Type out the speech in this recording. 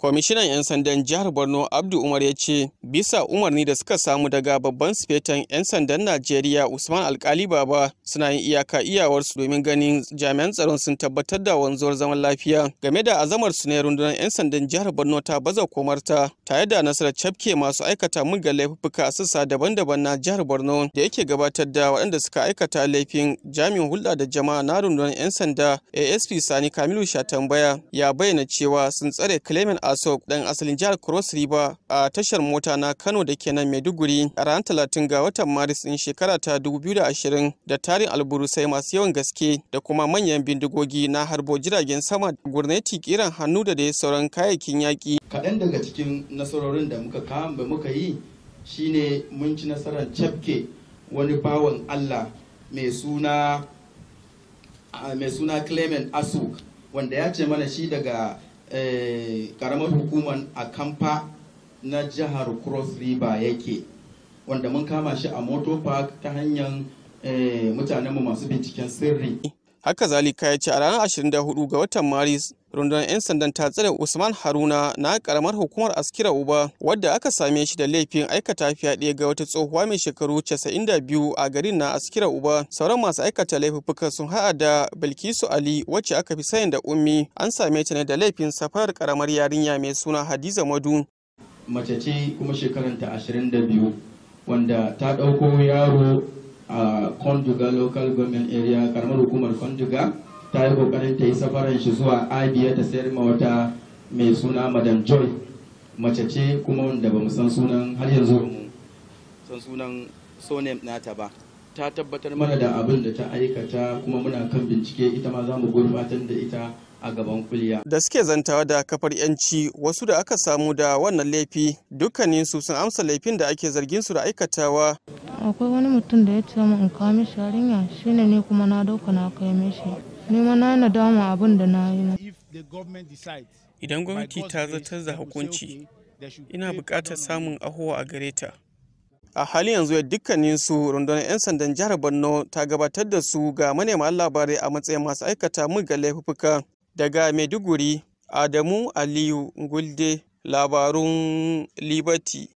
kwamishinan 'yan sandan jihar borno abdu umar ya ce bisa umarni da suka samu daga babban sifetan 'yan sandan najeriya usman alkali baba suna yin iyaka iyawarsu domin ganin jami'an tsaron sun tabbatar da wanzuwar zaman lafiya game da azamar su ne rundunar 'yan sandan jihar borno ta baza komarta tare da nasarar cafke masu aikata muga laifuka a sassa daban-daban na jihar borno da yake gabatar da waɗanda suka aikata laifin jami'in hulɗa da jama'a na rundunar 'yan sanda asp sani kamilu shatambaya ya bayyana cewa sun tsare clement asok dan asalin jihar cross river a tashar mota na kano da ke nan maiduguri a ranar talatin ga watan maris din shekara ta 2020 da tarin alburusai masu yawan gaske da kuma manyan bindigogi na harbo jiragen sama gwamnati kiran hannu da dai sauran kayayyakin yaki. kaɗan daga cikin nasarorin da muka kama muka yi shine mun ci nasarar cafke wani bawan allah mai suna mai suna clement asuk wanda ya ce mana shi daga Eh, karamar hukumar kamfa na jihar cross river yake wanda mun kama shi a moto park ta hanyar eh, mutanenmu masu binciken sirri haka zalika ya ce a ranar 24 ga watan maris rundunar 'yan sandan ta tsare usman haruna na karamar hukumar askira uba wadda aka same shi da laifin aikata fyaɗe ga wata tsohuwa mai shekaru 92 a garin na askira uba sauran masu aikata laifuka sun haɗa da bilkisu ali wacce aka fi sayin da ummi an same ta ne da laifin safarar karamar yarinya mai suna hadiza madu mace ce kuma shekaranta 22 wanda ta ɗauko yaro a konduga local government area karamar hukumar konduga ta yi kokarin ta yi safaran shi zuwa abiya ta sayar ma wata mai suna madam joy mace ce kuma wanda ba mu san sunan har yanzu mu san sunan sonem nata ba ta tabbatar mana da abin da ta aikata kuma muna kan bincike ita ma za mu gurbatar da ita a gaban kuliya. Da suke zantawa da kafar yanci wasu da aka samu da wannan laifi dukkanin su sun amsa laifin da ake zargin su da aikatawa. Akwai wani mutum da ya ce mu in kawo mishi yarinya shine ne kuma na dauka na kai mishi. nema na nadama abin da na yi. Idan gwamnati ta zartar da hukunci, ina buƙatar samun ahuwa a gare ta. A halin yanzu ya dukkanin su rundunar 'yan sandan jihar Borno ta gabatar da su ga manema labarai a matsayin masu aikata ga laifuka daga Maiduguri, Adamu Aliyu Gulde, labarun Liberty.